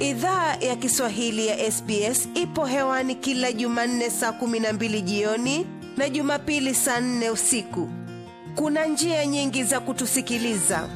idhaa ya kiswahili ya sbs ipo hewani kila jumanne saa kumi na mbili jioni na jumapili saa nne usiku kuna njia nyingi za kutusikiliza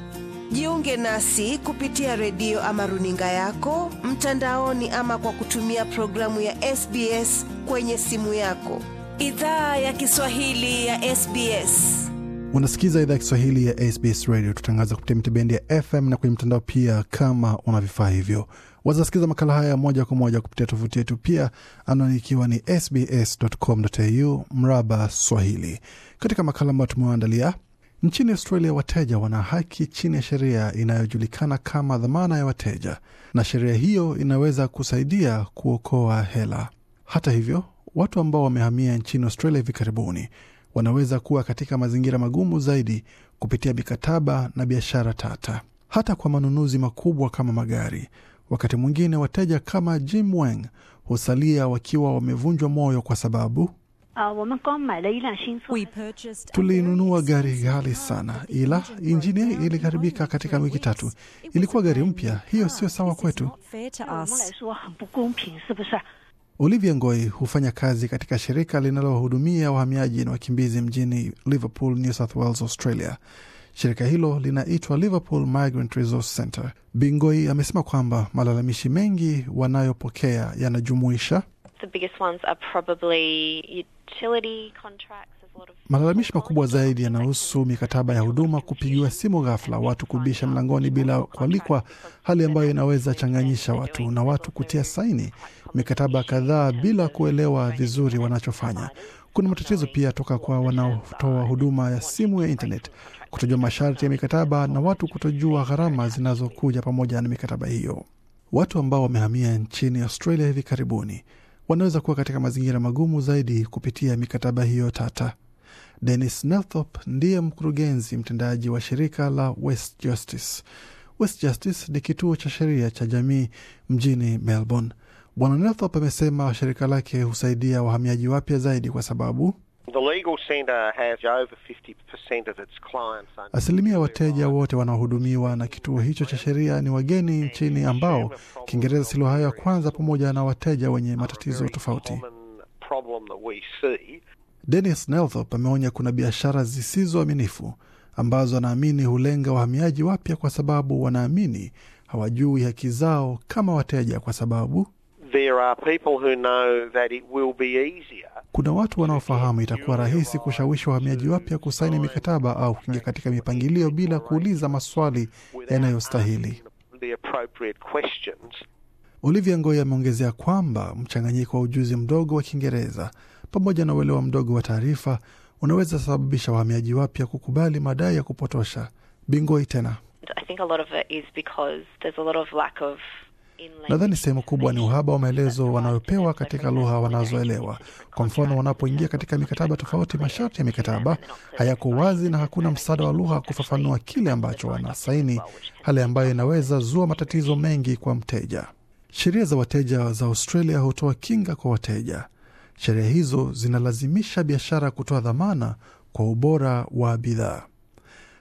jiunge nasi kupitia redio ama runinga yako mtandaoni ama kwa kutumia programu ya sbs kwenye simu yako idhaa ya kiswahili ya sbs unasikiza idhaa ya kiswahili ya sbs radio tutangaza kupitia mitibendi ya fm na kwenye mtandao pia kama una vifaa hivyo Wazasikiza makala haya moja kwa moja kupitia tovuti yetu pia, anwani ikiwa ni sbs.com.au mraba Swahili. Katika makala ambayo tumewaandalia, nchini Australia wateja wana haki chini ya sheria inayojulikana kama dhamana ya wateja, na sheria hiyo inaweza kusaidia kuokoa hela. Hata hivyo, watu ambao wamehamia nchini Australia hivi karibuni wanaweza kuwa katika mazingira magumu zaidi kupitia mikataba na biashara tata, hata kwa manunuzi makubwa kama magari wakati mwingine wateja kama Jim Wang husalia wakiwa wamevunjwa moyo kwa sababu uh, tulinunua gari ghali sana, ila injini iliharibika katika wiki tatu. Ilikuwa gari mpya, hiyo sio sawa kwetu. Olivia Ngoi hufanya kazi katika shirika linalohudumia wahamiaji na wakimbizi mjini Liverpool, New South Wales, Australia. Shirika hilo linaitwa Liverpool Migrant Resource Center. Bingoi amesema kwamba malalamishi mengi wanayopokea yanajumuisha Malalamishi makubwa zaidi yanahusu mikataba ya huduma, kupigiwa simu ghafla, watu kubisha mlangoni bila kualikwa, hali ambayo inaweza changanyisha watu na watu kutia saini mikataba kadhaa bila kuelewa vizuri wanachofanya. Kuna matatizo pia toka kwa wanaotoa huduma ya simu ya internet kutojua masharti ya mikataba na watu kutojua gharama zinazokuja pamoja na mikataba hiyo. Watu ambao wamehamia nchini Australia hivi karibuni wanaweza kuwa katika mazingira magumu zaidi kupitia mikataba hiyo tata. Dennis Nelthorpe ndiye mkurugenzi mtendaji wa shirika la West Justice. West Justice ni kituo cha sheria cha jamii mjini Melbourne. Bwana Nelthorpe amesema shirika lake husaidia wahamiaji wapya zaidi kwa sababu Asilimia wateja wote wanaohudumiwa na kituo hicho cha sheria ni wageni nchini ambao Kiingereza si lugha ya kwanza, pamoja na wateja wenye matatizo tofauti. Dennis Nelthorpe ameonya kuna biashara zisizoaminifu ambazo anaamini hulenga wahamiaji wapya, kwa sababu wanaamini hawajui haki zao kama wateja, kwa sababu There are people who know that it will be easier. Kuna watu wanaofahamu itakuwa rahisi kushawishi wahamiaji wapya kusaini mikataba au kuingia katika mipangilio bila kuuliza maswali yanayostahili. Olivia Ngoy ameongezea kwamba mchanganyiko wa ujuzi mdogo wa Kiingereza pamoja na uelewa mdogo wa taarifa unaweza sababisha wahamiaji wapya kukubali madai ya kupotosha. Bingoi tena Nadhani sehemu kubwa ni uhaba wa maelezo wanayopewa katika lugha wanazoelewa. Kwa mfano, wanapoingia katika mikataba tofauti, masharti ya mikataba hayako wazi na hakuna msaada wa lugha kufafanua kile ambacho wanasaini, hali ambayo inaweza zua matatizo mengi kwa mteja. Sheria za wateja za Australia hutoa kinga kwa wateja. Sheria hizo zinalazimisha biashara kutoa dhamana kwa ubora wa bidhaa.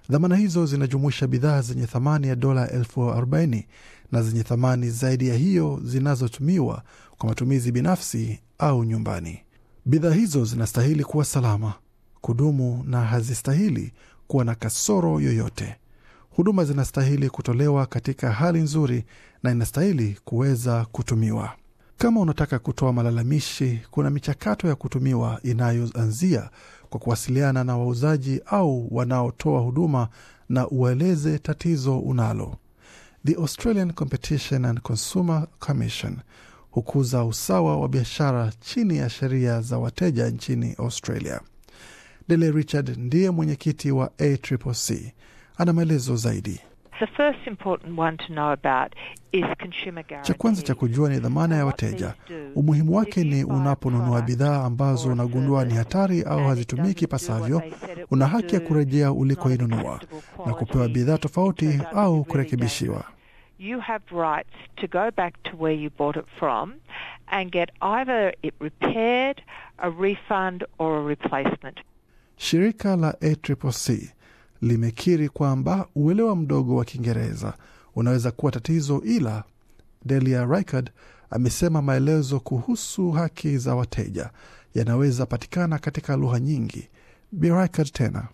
Dhamana hizo zinajumuisha bidhaa zenye thamani ya dola elfu arobaini na zenye thamani zaidi ya hiyo zinazotumiwa kwa matumizi binafsi au nyumbani. Bidhaa hizo zinastahili kuwa salama, kudumu na hazistahili kuwa na kasoro yoyote. Huduma zinastahili kutolewa katika hali nzuri na inastahili kuweza kutumiwa. Kama unataka kutoa malalamishi, kuna michakato ya kutumiwa inayoanzia kwa kuwasiliana na wauzaji au wanaotoa huduma na ueleze tatizo unalo. The Australian Competition and Consumer Commission hukuza usawa wa biashara chini ya sheria za wateja nchini Australia. Dele Richard ndiye mwenyekiti wa ACCC, ana maelezo zaidi. Cha kwanza cha kujua ni dhamana ya wateja. Umuhimu wake ni unaponunua bidhaa ambazo unagundua ni hatari au hazitumiki pasavyo, una haki ya kurejea ulikoinunua na kupewa bidhaa tofauti au kurekebishiwa you have rights to go back to where you bought it from and get either it repaired, a refund or a replacement. Shirika la ACCC limekiri kwamba uelewa mdogo wa Kiingereza unaweza kuwa tatizo, ila Delia Reichard amesema maelezo kuhusu haki za wateja yanaweza patikana katika lugha nyingi. Bi Reichard tena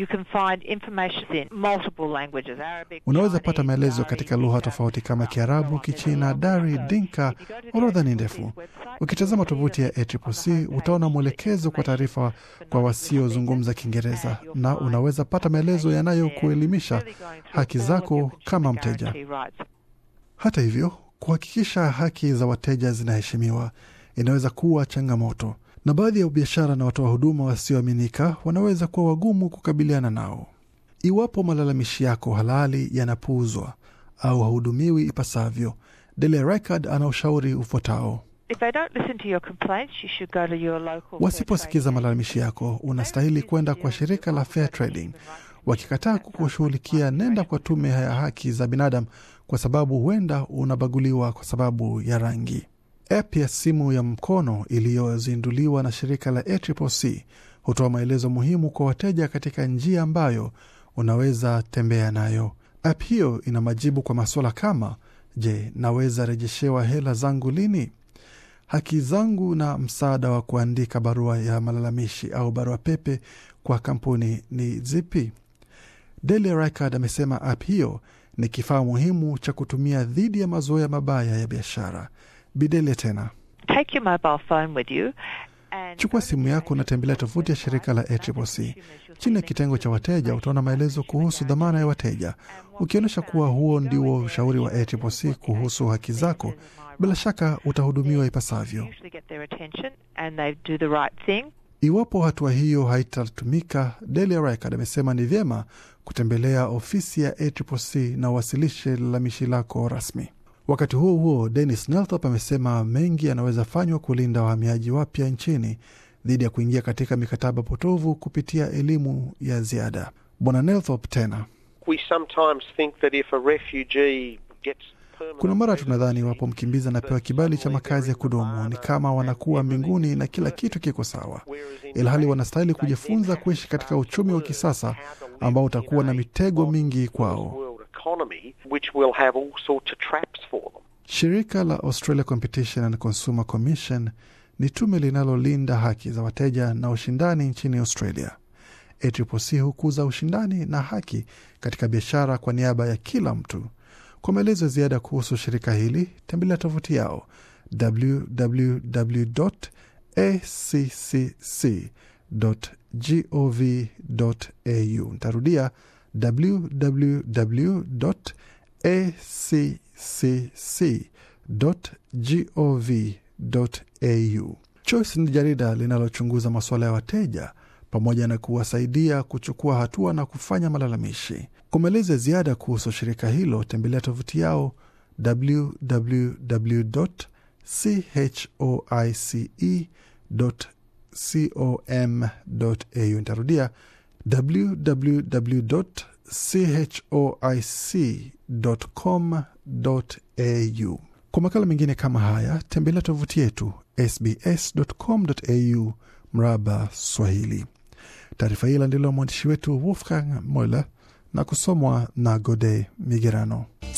You can find information in multiple languages, Arabic, unaweza pata maelezo katika lugha tofauti kama Kiarabu, Kichina, Dari, Dinka. Orodha ni ndefu. Ukitazama tovuti ya ACCC utaona mwelekezo kwa taarifa kwa wasiozungumza Kiingereza, na unaweza pata maelezo yanayokuelimisha haki zako kama mteja. Hata hivyo, kuhakikisha haki za wateja zinaheshimiwa inaweza kuwa changamoto na baadhi ya biashara na watoa huduma wasioaminika wanaweza kuwa wagumu kukabiliana nao. Iwapo malalamishi yako halali yanapuuzwa au hahudumiwi ipasavyo, Dele ana ushauri ufuatao. Wasiposikiza malalamishi yako, unastahili kwenda kwa shirika la Fair Trading. Wakikataa uh, kukushughulikia, nenda kwa tume ya haki za binadamu, kwa sababu huenda unabaguliwa kwa sababu ya rangi. App ya simu ya mkono iliyozinduliwa na shirika la ACCC hutoa maelezo muhimu kwa wateja katika njia ambayo unaweza tembea nayo. App hiyo ina majibu kwa masuala kama je, naweza rejeshewa hela zangu lini, haki zangu, na msaada wa kuandika barua ya malalamishi au barua pepe kwa kampuni ni zipi. Dale Record amesema app hiyo ni kifaa muhimu cha kutumia dhidi ya mazoea mabaya ya biashara. Bidele tena. Take your mobile phone with you. Chukua simu yako na tembelea tovuti ya shirika la ACCC. Chini ya kitengo cha wateja utaona maelezo kuhusu dhamana ya wateja. Ukionyesha kuwa huo ndio ushauri wa ACCC kuhusu haki zako, bila shaka utahudumiwa ipasavyo. Iwapo hatua hiyo haitatumika, Delia Record amesema ni vyema kutembelea ofisi ya ACCC na uwasilishe lalamishi lako rasmi. Wakati huo huo, Dennis Nelthorpe amesema mengi yanaweza fanywa kulinda wahamiaji wapya nchini dhidi ya kuingia katika mikataba potovu kupitia elimu ya ziada. Bwana Nelthorpe tena kuna mara tunadhani iwapo mkimbizi anapewa kibali cha makazi ya kudumu ni kama wanakuwa mbinguni na kila kitu kiko sawa, ilhali wanastahili kujifunza kuishi katika uchumi wa kisasa ambao utakuwa na mitego mingi kwao economy, which will have all sorts of traps for them. Shirika la Australia Competition and Consumer Commission ni tume linalolinda haki za wateja na ushindani nchini Australia. ACCC hukuza ushindani na haki katika biashara kwa niaba ya kila mtu. Kwa maelezo ziada kuhusu shirika hili, tembelea tovuti yao www.accc.gov.au. Ntarudia www.accc.gov.au. Choice ni jarida linalochunguza masuala ya wateja pamoja na kuwasaidia kuchukua hatua na kufanya malalamishi. Kumeleza ziada kuhusu shirika hilo, tembelea tovuti yao www.choice.com.au. Nitarudia www.chic.com.au. Kwa makala mengine kama haya tembelea tovuti yetu sbs.com.au mraba Swahili. Taarifa hii iliandaliwa mwandishi wetu Wolfgang Moller na kusomwa na Gode Migerano.